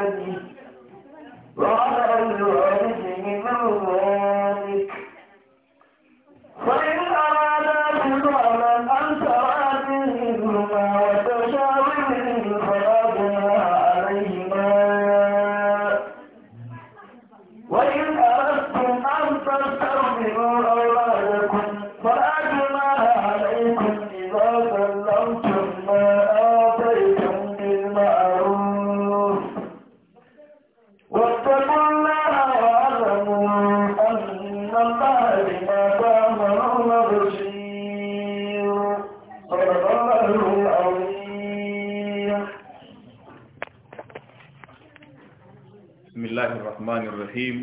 wọ́n ní بسم الله الرحمن الرحيم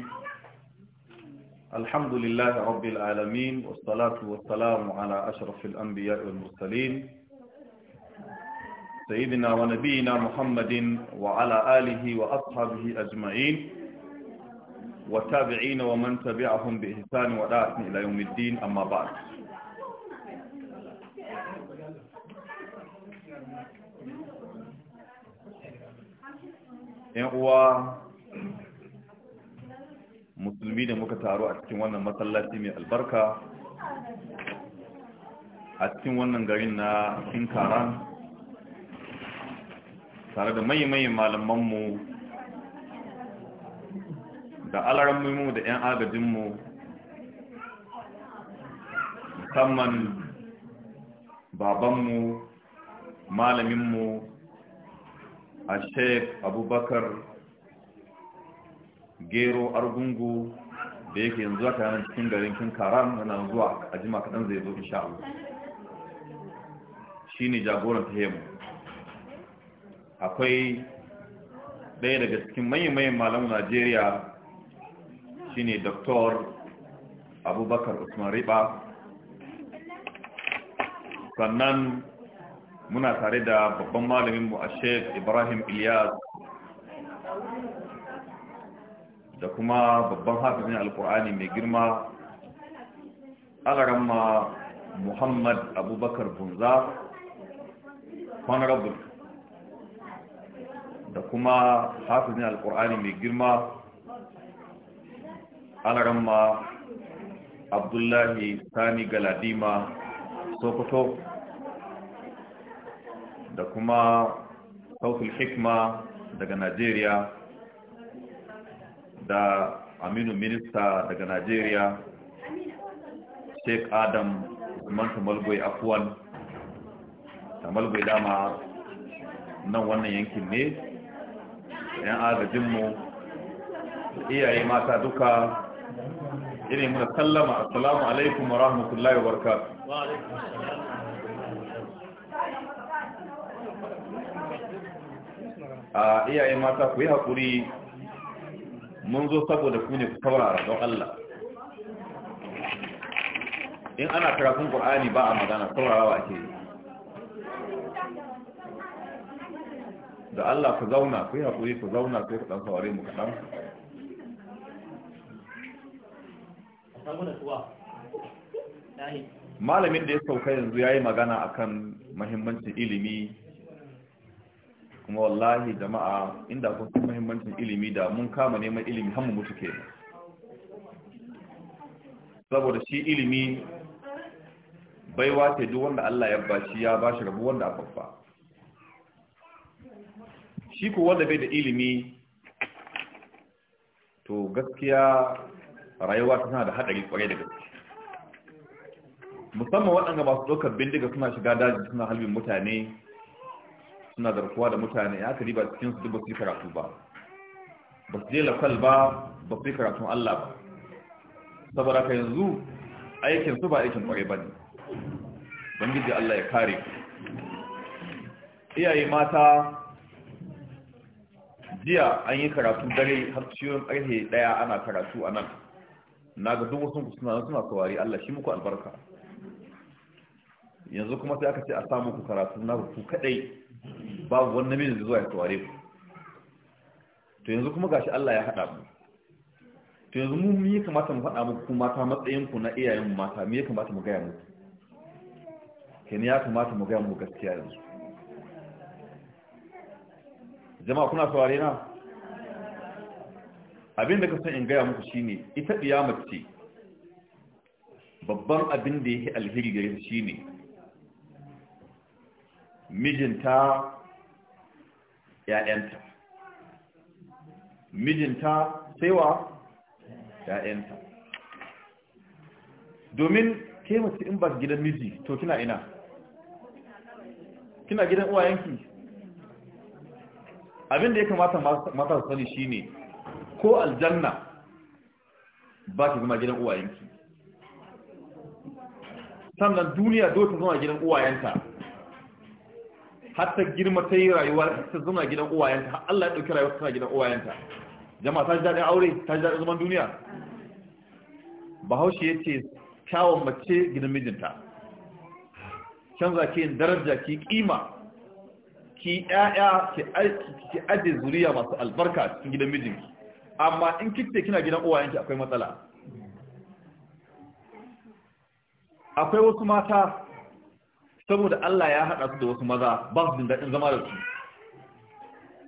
الحمد لله رب العالمين والصلاة والسلام على أشرف الأنبياء والمرسلين سيدنا ونبينا محمد وعلى آله وأصحابه أجمعين وتابعين ومن تبعهم بإحسان وداعة إلى يوم الدين أما بعد ‘yan musulmi da muka taru a cikin wannan masallaci mai albarka a cikin wannan garin na kinkaran tare da maimai malamanmu da alarammu da 'yan agajinmu musamman babanmu malaminmu a sheik abubakar gero argungu da yake yanzu aka yana cikin garin kin karan yana zuwa a jima kaɗan zai zo insha Allah shi ne jagoran akwai ɗaya daga cikin manyan malamin najeriya shi ne doktor abubakar usman riba sannan muna tare da babban malaminmu a sheik ibrahim ilyas da kuma babban hafizin alkur'ani mai girma alaramma muhammad abubakar bunza honorable da kuma hafizin alkur'ani mai girma ma abdullahi sani galadima sokoto da kuma sautul hikma daga najeriya da aminu minista daga najeriya sheik adam usman tamalgoi afuwan tamalgoi dama nan wannan yankin ne yan agajinmu iyaye mata duka irin muna sallama assalamu alaikum wa rahmatullahi wa barka a iyaye mata ku yi haƙuri mun zo saboda ku ne ku saurara don Allah in ana karatun Qur'ani ba a magana saurarawa ake yi da Allah ku zauna ku haƙuri ku zauna sai ku ɗan saurare mu kaɗan malamin da ya sauka yanzu ya yi magana akan muhimmancin ilimi kuma wallahi jama'a inda kun san muhimmancin ilimi da mun kama neman ilimi har mu mutu ke saboda shi ilimi baiwa ce duk wanda Allah ya bashi ya bashi rabu wanda aka fa shi ko wanda bai da ilimi to gaskiya rayuwa tana da hadari kwarai da gaske musamman waɗanda masu ɗaukar bindiga suna shiga daji suna halbin mutane suna garkuwa da mutane ya ka riba cikin su duk ba yi karatu ba ba su je lafal ba ba su yi karatun Allah ba saboda ka yanzu aikin su ba aikin kwarai ba ne bangiji Allah ya kare ku iyaye mata jiya an yi karatu dare har ciwon karfe daya ana karatu a nan na ga duk wasu suna suna saurari Allah shi muku albarka yanzu kuma sai aka ce a samu ku karatu na rufu kadai babu wani namiji zuwa ya taware ku to yanzu kuma gashi Allah ya haɗa mu to yanzu mu me ya kamata mu faɗa muku mata matsayin ku na iyayen mu mata me ya kamata mu gaya ke ne ya kamata mu gaya mu gaskiya yanzu jama'a kuna saurare na abin da kasan in gaya muku shine ita kiyamar ce babban abin da yake alheri gare shi shine mijinta ‘ya'yanta mijinta saiwa ‘ya'yanta domin ke mace in ba gidan miji to kina ina kina gidan uwayenki abin da ya kamata mata sani shi ne, ko aljanna ba ki zama gidan uwayenki sannan duniya zo ta zama gidan uwayenta har ta girma ta yi rayuwa ta zama gidan uwayenta har Allah ya ɗauki rayuwa tana gidan uwayenta jama'a ta ji daɗin aure ta ji daɗin zaman duniya bahaushe ya ce kyawun mace gidan mijinta canza ke yin daraja ki kima ki ƴaƴa ki aje zuriya masu albarka cikin gidan mijinki amma in kitse kina gidan uwayenki akwai matsala akwai wasu mata saboda Allah ya haɗa su da wasu maza ba su jin daɗin zama da su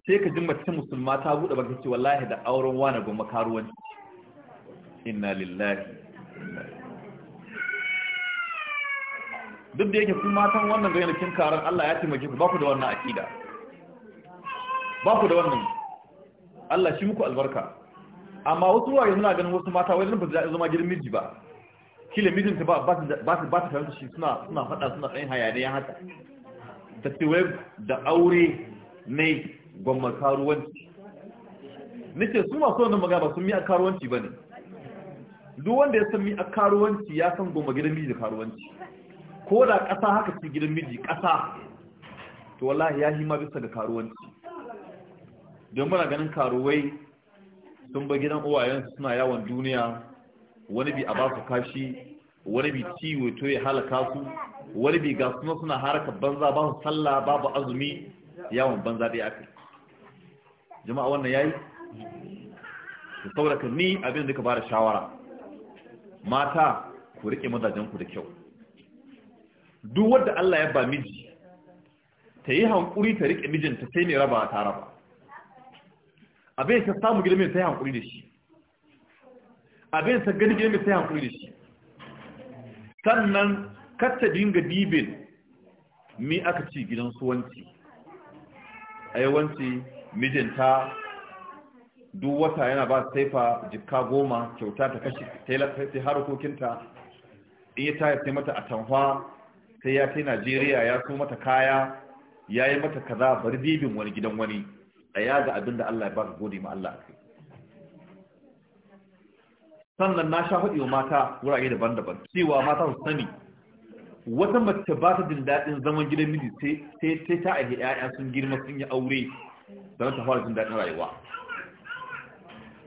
sai ka jin mace musulma ta buɗe baki ce wallahi da auren wani goma karuwanci inna lillahi duk da yake kun matan wannan gayyanakin karar Allah ya taimake ku ba ku da wannan akida ba ku da wannan Allah shi muku albarka amma wasu waye suna ganin wasu mata wai ba za zama girmiji ba kila mijinta ba ba su ba su shi suna suna faɗa suna tsayin hayaniya haka ta ce wai da aure ne gwamma karuwanci nake su masu wannan magana sun mi a karuwanci ba ne duk wanda ya san mi a karuwanci ya san gwamma gidan miji da karuwanci ko da ƙasa haka ce gidan miji ƙasa to wallahi ya hima bisa ga karuwanci don muna ganin karuwai sun ba gidan uwayensu suna yawon duniya wani bi a ba su kashi wani bi ciwo to ya halaka su wani bi ga suna suna haraka banza ba su sallah babu azumi yawon banza dai aka jama'a wannan yayi da sauraka ni abin da ka bada shawara mata ku rike mazajen ku da kyau duk wanda Allah ya ba miji ta yi hankuri ta rike mijinta sai ne raba ta raba abin ka samu gidan mai ta yi hankuri da shi abin sa gani mai sai hankali da shi sannan katta dinga dibin mi aka ci gidan suwanci a yawanci mijinta duk wata yana ba taifa jikka goma kyauta ta kashe sai harkokinta in ya ta sai mata a tanhwa sai ya kai najeriya ya so mata kaya ya yi mata kaza bari dibin wani gidan wani a yaga abinda da allah ya ba ka gode ma allah a kai sannan na sha faɗi wa mata wurare daban-daban cewa mata su sani wata mace ba ta jin daɗin zaman gidan miji sai ta aihe 'ya'ya sun girma sun yi aure don ta fara jin daɗin rayuwa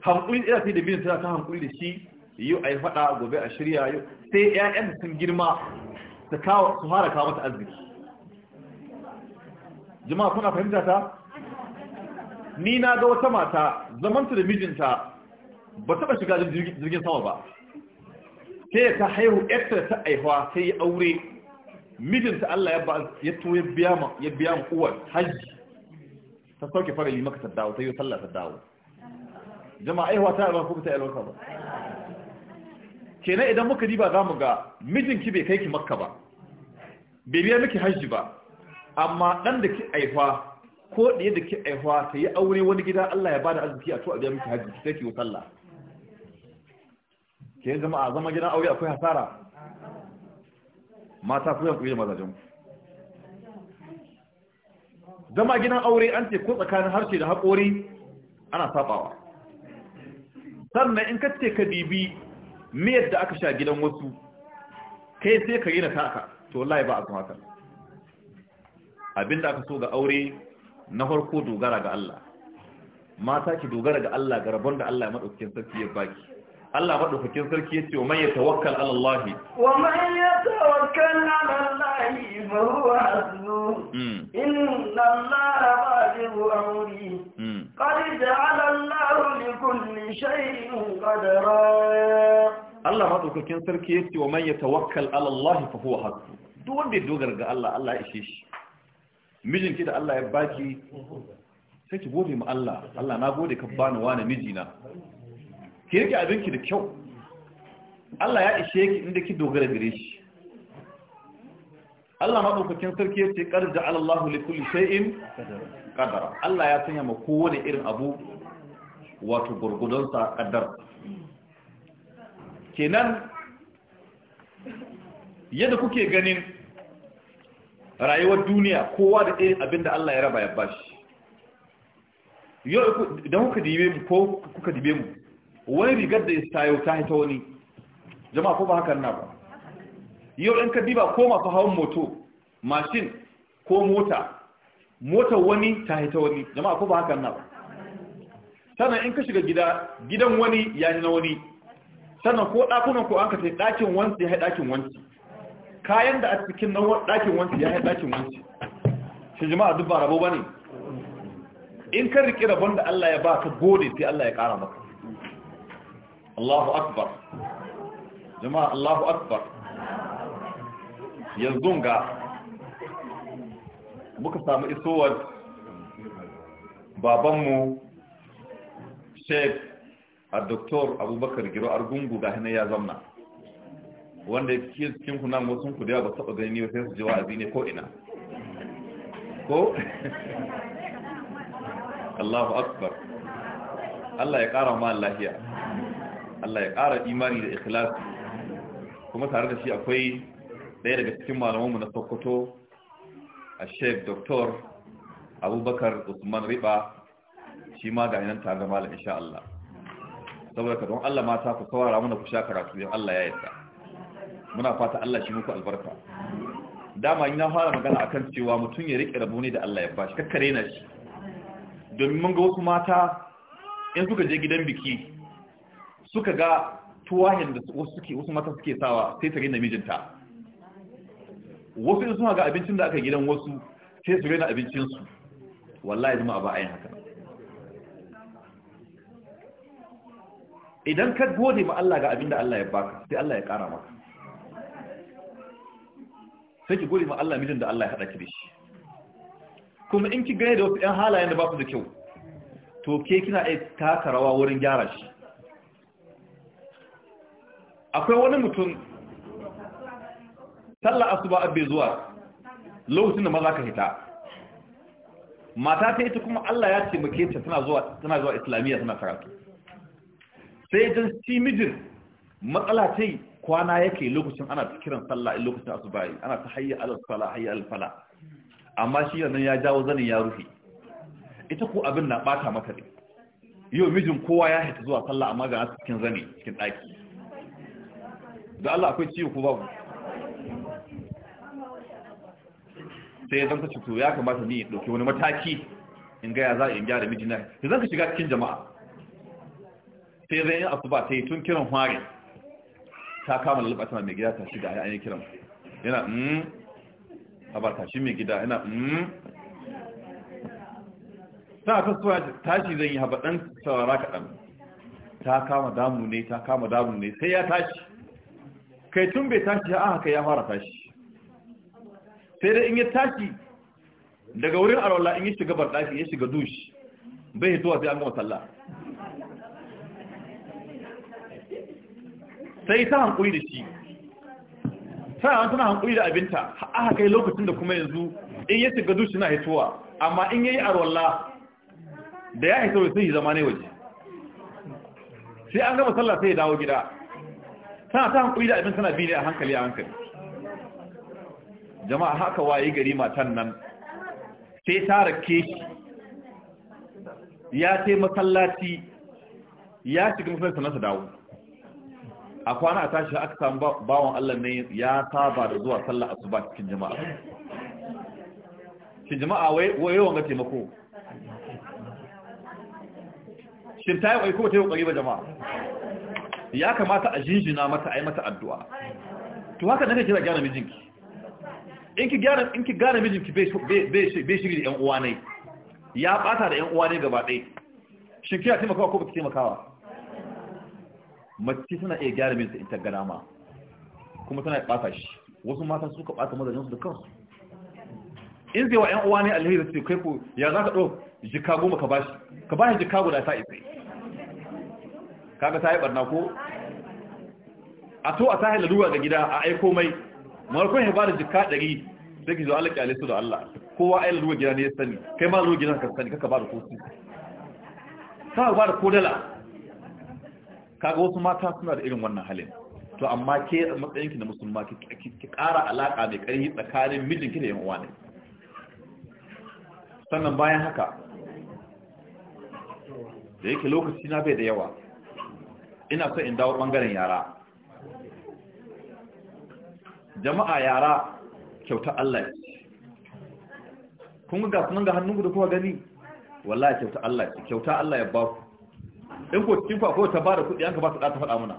hankuli ɗaya sai da mijin tana ta hankuli da shi yau a yi faɗa gobe a shirya yau sai 'ya'yan sun girma su fara kawo mata arziki jama'a kuna fahimta ta ni na ga wata mata zamanta da mijinta ba taɓa shiga jirgin sama ba sai ta haihu yadda ta aihuwa sai ya aure mijinta Allah ya ya to ya biya ma ya biya ma uwar hajji ta sauke fara yi maka saddawo sai ya sallah saddawo jama'a aihuwa ta ba ko ta yi ba kenan idan muka diba za mu ga mijinki bai kai ki makka ba bai biya miki hajji ba amma dan da ki aihuwa ko ɗaya da ki aihuwa ta yi aure wani gida Allah ya bada arziki a to a biya miki hajji sai ki yi sallah ke jama'a zama gidan aure akwai hasara mata kuyan da mazajen zama gidan aure an ce ko tsakanin harshe da haƙori ana sabawa sannan in ka ce ka bibi miyar da aka sha gidan wasu kai sai ka yi na taka to lai ba a kuma haka abinda aka so ga aure na farko dogara ga Allah mata ki dogara ga Allah ga rabon da Allah ya madaukakin sarki ya baki Allah madaukakin sarki ya ce, wa man yatawakkal ala Allah wa man yatawakkal ala Allah fa huwa hasbuh hmm. inna Allah balighu amri hmm. qad ja'ala Allah li kulli shay'in qadara Allah madaukakin sarki ya ce, wa man yatawakkal ala Allah fa huwa hasbuh duk wanda dogara ga Allah Allah ya ishe shi ki da Allah ya baki sai ki gode ma Allah Allah na gode ka bani wani mijina ki rike abinki da kyau Allah ya ishe ki inda ki dogara gare shi Allah madaukakin sarki yace qad ja'ala Allah li kulli shay'in qadara Allah ya sanya ma kowane irin abu wato gurgudon sa qadar kenan yadda kuke ganin rayuwar duniya kowa da irin abinda Allah ya raba ya bashi yau idan kuka dibe mu ko kuka dibe mu wani rigar da ya yau ta haita wani jama'a ko ba haka na ba yau ɗan ka diba ko masu hawan moto mashin ko mota mota wani ta haita wani jama'a ko ba haka na ba sannan in ka shiga gida gidan wani ya na wani sannan ko ɗakunan ko an ka sai ɗakin wansu ya ɗakin wansu kayan da a cikin nan ɗakin wansu ya ɗakin wansu shi jama'a duk ba rabo ba ne in ka riƙe rabon da Allah ya ba ka gode sai Allah ya ƙara maka Allahu akbar jama'a Allahu akbar yanzu ga muka samu isowar babanmu sheikh a doktor abubakar giro argungu da hannun ya zamna wanda ya ke cikin kunan wasu ku da ba taɓa gani wasu sai su ji wa'azi ne ko ina ko Allahu akbar Allah ya ƙara ma lahiya. Allah ya ƙara imani da ikhlas kuma tare da shi akwai ɗaya daga cikin malamanmu na Sokoto a Sheikh Dr. Abubakar Usman Riba shi ma ga nan tare da malam insha Allah saboda ka don Allah mata ku saurara mana ku sha karatu don Allah ya yarda muna fata Allah shi muku albarka dama ina fara magana akan cewa mutum ya rike rabo ne da Allah ya bashi kakkare na shi domin mun ga wasu mata in suka je gidan biki suka ga tuwahin da wasu suke wasu mata suke sawa sai su rena mijinta wasu in suna ga abincin da aka gidan wasu sai su rena abincinsu wallahi zama a ayin haka idan ka gode ma Allah ga abin da Allah ya baka sai Allah ya kara maka sai ki gode ma Allah mijin da Allah ya haɗa ki da shi kuma in ki gane da wasu 'yan halayen da ba su da kyau to ke kina iya taka rawa wurin gyara shi akwai wani mutum sallar asuba abbe zuwa lokacin da maza ka hita mata ta ita kuma Allah ya taimake ta tana zuwa islamiyya tana karatu sai dan shi mijin matsala ta yi kwana yake lokacin ana kiran sallah in lokacin asuba yi ana ta hayi alfala, hayi alfala amma shi ya jawo zanin ya rufe ita ko abin na bata maka ne yau mijin kowa ya hita zuwa sallah amma ga cikin zane cikin ɗaki. da Allah akwai ciwo ko babu sai zan ka to ya kamata ni in wani mataki in ga ya za in gyara mijina sai zan ka shiga cikin jama'a sai zan yi asuba sai tun kiran hware ta kama lalaba tana mai gida ta shiga ya ainihin kiran yana mm a ba tashi mai gida yana mm ta kasuwa tashi zan yi haɓaɗan saurara kaɗan ta kama damu ne ta kama damu ne sai ya tashi kai tun bai tashi a haka ya fara tashi sai dai in ya tashi daga wurin alwala in ya shiga barɗaki ya shiga dushi bai hito sai an gama sallah sai ta hankuli da shi an tana hankuli da abinta haka kai lokacin da kuma yanzu in ya shiga dushi na hituwa amma in ya yi alwala da ya hito sai yi zama ne waje sai an gama sallah sai ya dawo gida tana ta hankali da abin tana bi ne a hankali a hankali jama'a haka waye gari matan nan sai ta rake ya sai masallaci ya shiga masallaci na sa dawo a kwana a tashi aka samu bawan Allah ne ya saba da zuwa sallah asuba cikin jama'a shi jama'a waye wanga taimako shin ta yi ko ta yi ƙwari ba jama'a ya kamata a jinjina mata a yi mata addu'a to haka nake kira gyara mijinki in ki gyara mijinki bai shiri da 'yan uwa ne ya ɓata da 'yan uwa ne gaba ɗaya shin kina taimakawa ko ba ki taimakawa mace suna iya gyara mijinta in ta ma kuma tana ɓata shi wasu mata suka ɓata mazajin da kansu in zai wa 'yan uwa ne da su kai ku, ya ka ɗau jikago goma ka shi. ka shi jikago da ta isai kaga ta yi barna ko a to a sahi laruwa ga gida a aiko mai markon ya bada jikka ɗari sai ki zo Allah kyale su da Allah kowa ai laruwa gida ne ya sani kai ma laruwa gida ka sani kaka bada kosi ka bada kodala kaga wasu mata suna da irin wannan halin to amma ke matsayinki na musulma ki ƙara alaƙa mai ƙarfi tsakanin mijinki da yan uwa ne sannan bayan haka da yake lokaci na bai da yawa ina so in dawo bangaren yara jama'a yara kyauta Allah kun ga sunan ga hannunku da kuka gani wallahi kyauta Allah kyauta Allah ya ba ku in ko kin fa akwai ta bada kuɗi an ka ba su da ta faɗa muna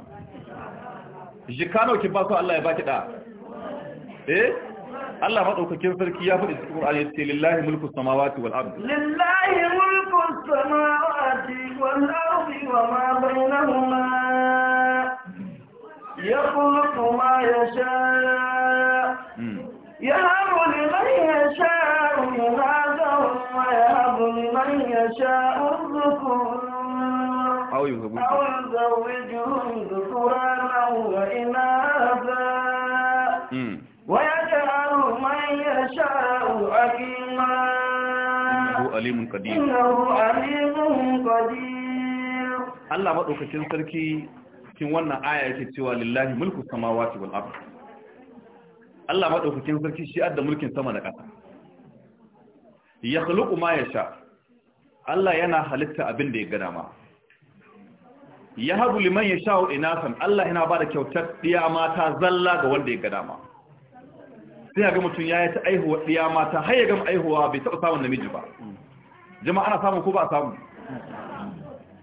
jikano ki ba ku Allah ya baki da eh Allah madaukakin sarki ya faɗi cikin Qur'ani yace lillahi mulku samawati wal ardi lillahi mulku samawati wal ardi wa ma bainahuma yakhluqu ma yasha yahabu liman yasha inatha wa yahabu liman yasha ar-dhukur أو يزوجهم ذكرانا وإناثا حكيما إنه أليم قدير إنه أليم قدير الله مدوكتين سركي cikin wannan aya yake cewa lillahi mulku sama, wal ard Allah maɗaukacin sarki shi adda mulkin sama da ƙasa ya khluqu ma yasha Allah yana halitta abin da ya gada ma Ya haɗu liman yasha'u inasan Allah yana ba da kyautar diya mata zalla ga wanda ya gada ma sai ga mutum ya yi ta aihuwa ɗiya mata har ya gama aihuwa bai taɓa samun namiji ba jama'a ana samun ko ba a samu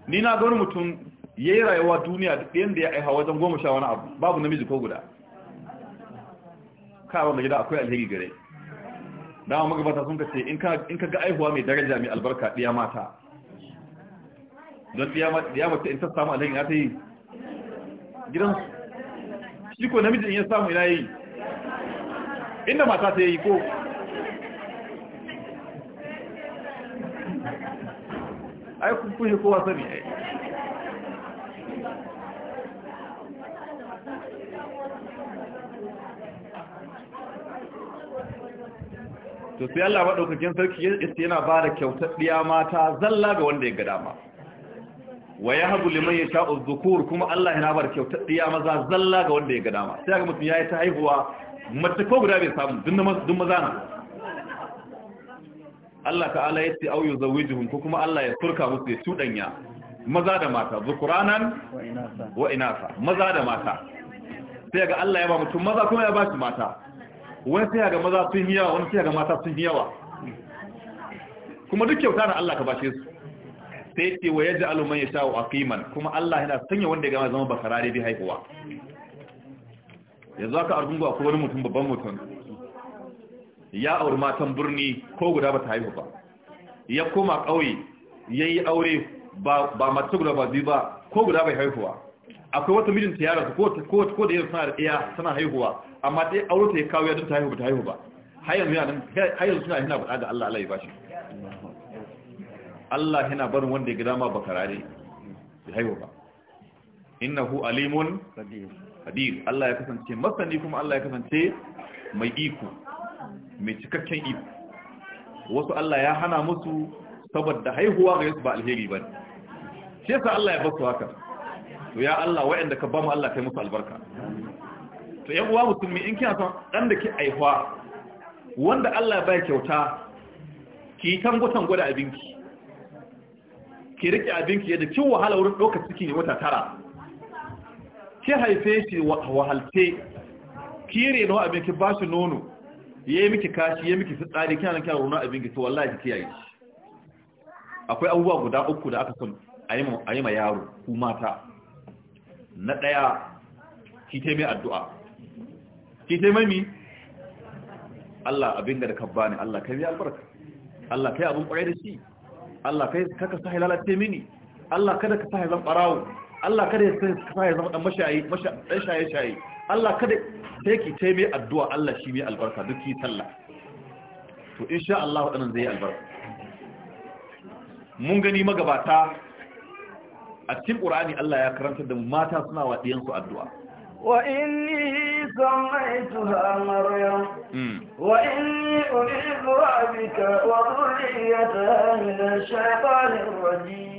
ni na gani mutum ya yi rayuwa duniya duk ɗayan da ya aiha wajen goma sha wani abu babu namiji ko guda ka wanda gida akwai alheri gare dama magabata sun kace in ka ga aihuwa mai daraja mai albarka ɗiya mata don ɗiya mata in ta samu alheri na ta yi gidan shi ko namiji in ya samu ina yi inda mata ta yi ko ai kun kushe kowa sani ai to sai Allah madaukakin sarki yana ba da kyautar diya mata zalla ga wanda ya ga dama wa yahbu liman yasha'u dhukur kuma Allah yana ba da kyautar diya maza zalla ga wanda ya ga dama sai ga mutum yayi ta haihuwa mace ko guda bai samu dun maza na Allah ta'ala ya ce auyo zawijuhum ko kuma Allah ya turka musu ya cudanya maza da mata zukuranan wa inasa maza da mata sai ga Allah ya ba mutum maza kuma ya ba shi mata wani sai ga maza sun yawa wani sai ga mata sun yawa kuma duk kyauta na Allah ka bashe su sai ce wa yaj'alu man yasha'u aqiman kuma Allah yana sanya wanda ya gama zama bakarare bi haihuwa yanzu aka argungu a wani mutum babban mutum ya auri matan birni ko guda ba ta haihu ba ya koma ƙauye ya yi aure ba matu guda ba zai ba ko guda bai haihuwa akwai wata mijin ta yara ko da yau tana iya tana haihuwa amma dai aure ta ya kawo yadda ta haihu ba ta haihu ba hayan suna hina faɗa da Allah Allah ya bashi Allah hina barin wanda ya gida ma bakarare ya haihu ba innahu alimun qadir Allah ya kasance masani kuma Allah ya kasance mai iko mai cikakken iko wasu Allah ya hana musu saboda haihuwa ga yasu ba alheri ba shi yasa Allah ya basu haka to ya Allah waɗanda ka ba mu Allah kai musu albarka to yan uwa musulmi in kina son dan da ke aihuwa wanda Allah ya ba kyauta ki tangutan gwada abinki ki rike abinki yadda kin wahala wurin ɗaukar ciki ne wata tara ki haife shi wahalce kire reno abin ki ba shi nono ya yi miki kashi ya miki fitsari kina nan kina runa abin ki to wallahi ki kiyaye shi akwai abubuwa guda uku da aka san a yi ma yaro ku mata na ɗaya ki taimai addu'a ki taimai mi Allah abin da ka bani Allah kai albarka Allah kai abin kwarai da shi Allah kai kaka sa halala taimini Allah kada ka sa halan barawo Allah kada ya sa ya zama dan mashayi dan shaye shaye Allah kada sai ki taime addu'a Allah shi mai albarka duk sallah to insha Allah wadannan zai albarka mun gani magabata a cikin Qur'ani Allah ya karanta da mata suna wa diyan su addu'a wa inni سميتها مريم وإني أعيذها بك وذريتها من الشيطان الرجيم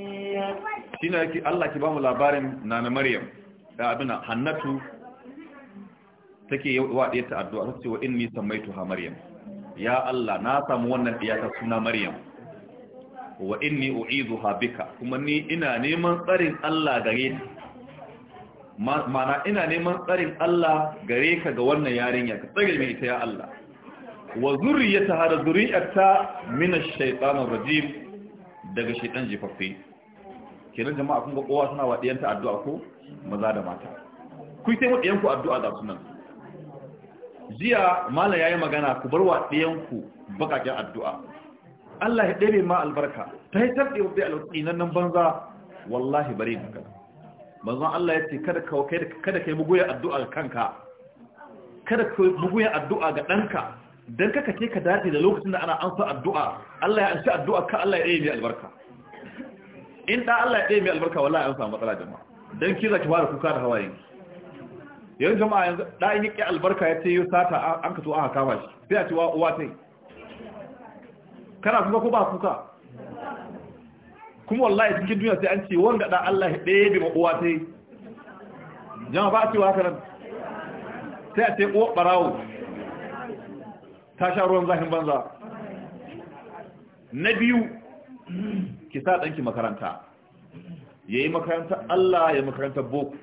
shine yake Allah ki bamu labarin nana Maryam da abina Hannatu take wa diyarta addu'a ta ce wa inni samaituha Maryam ya Allah na samu wannan diyata suna Maryam wa inni ha bika kuma ni ina neman tsarin Allah gare ta mana ina neman tsarin Allah gare ka ga wannan yarinya ka tsare mai ita ya Allah wa zurriyataha da zuriyarta min ash-shaytanir rajim daga shaytan jifaffe kenan jama'a kun ga kowa suna wa ɗiyanta addu'a ko maza da mata ku sai ɗiyanku addu'a da sunan jiya mala yayi magana ku bar wa ɗiyanku bakakin addu'a Allah ya ɗebe ma albarka ta yi tarɗe wa bai nan banza wallahi bare ni kada manzon Allah ya ce kada ka kai kada kai muguya addu'a ga kanka kada ka muguya addu'a ga ɗanka dan kaka ce ka dace da lokacin da ana ansa addu'a Allah ya ansa addu'a ka Allah ya ɗebe albarka in da Allah ya ɗaya mai albarka wallahi an samu matsala jama'a don kiza ki fara kuka da hawaye yanzu jama'a yanzu da in yi albarka ya ce yi sata an ka so aka kama shi sai a ce wa uwa ta yi kana kuka ko ba kuka kuma wallahi cikin duniya sai an ce wanda da Allah ya ɗaya bi ma uwa ta yi jama'a ba a cewa haka nan sai a ce uwa ɓarawo ta sha ruwan zahin banza na biyu ki sa ɗanki makaranta ya yi makaranta Allah ya makaranta boko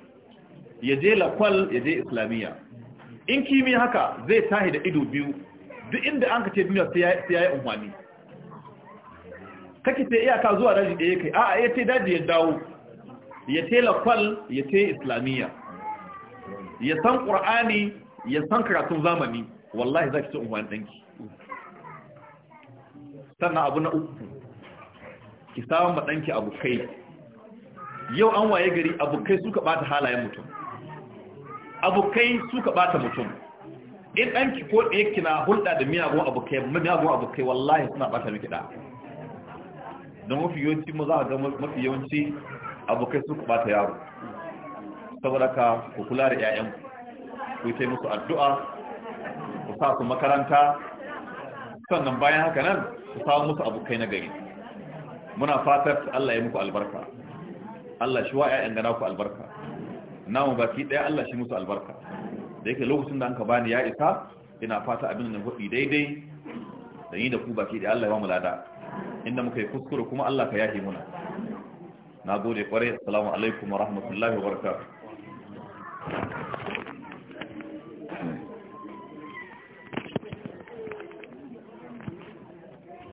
ya je lakwal ya je islamiyya in kimi haka zai tahi da ido biyu duk inda an ka ce duniya sai ya yi umarni kake sai iyaka zuwa daji da ya kai a ya ce daji ya dawo ya ce lakwal ya ce islamiyya ya san ƙur'ani ya san karatun zamani wallahi za ki ce umarni ɗanki sannan abu na uku ki samu ma danki abokai yau an waye gari abokai suka bata halayen mutum abokai suka bata mutum in danki ko ɗayarki na hulɗa da miyagun abokai miyagun abokai wallahi suna bata miki da don mafi yawanci mu za ga mafi yawanci abokai suka bata yaro saboda ka ku kula da 'ya'yanku ku yi musu addu'a ku sa su makaranta sannan bayan haka nan ku samu musu abokai na gari muna fatar Allah ya muku albarka Allah shi wa ƴaƴan gana ku albarka mu baki ɗaya Allah shi musu albarka da yake lokacin da an bani ya isa ina fata abin da hudi daidai da yi da ku baki ɗaya Allah ya mu lada inda muka yi kuskure kuma Allah ka yahi muna na gode kwarai assalamu alaikum wa rahmatullahi wa barakatuh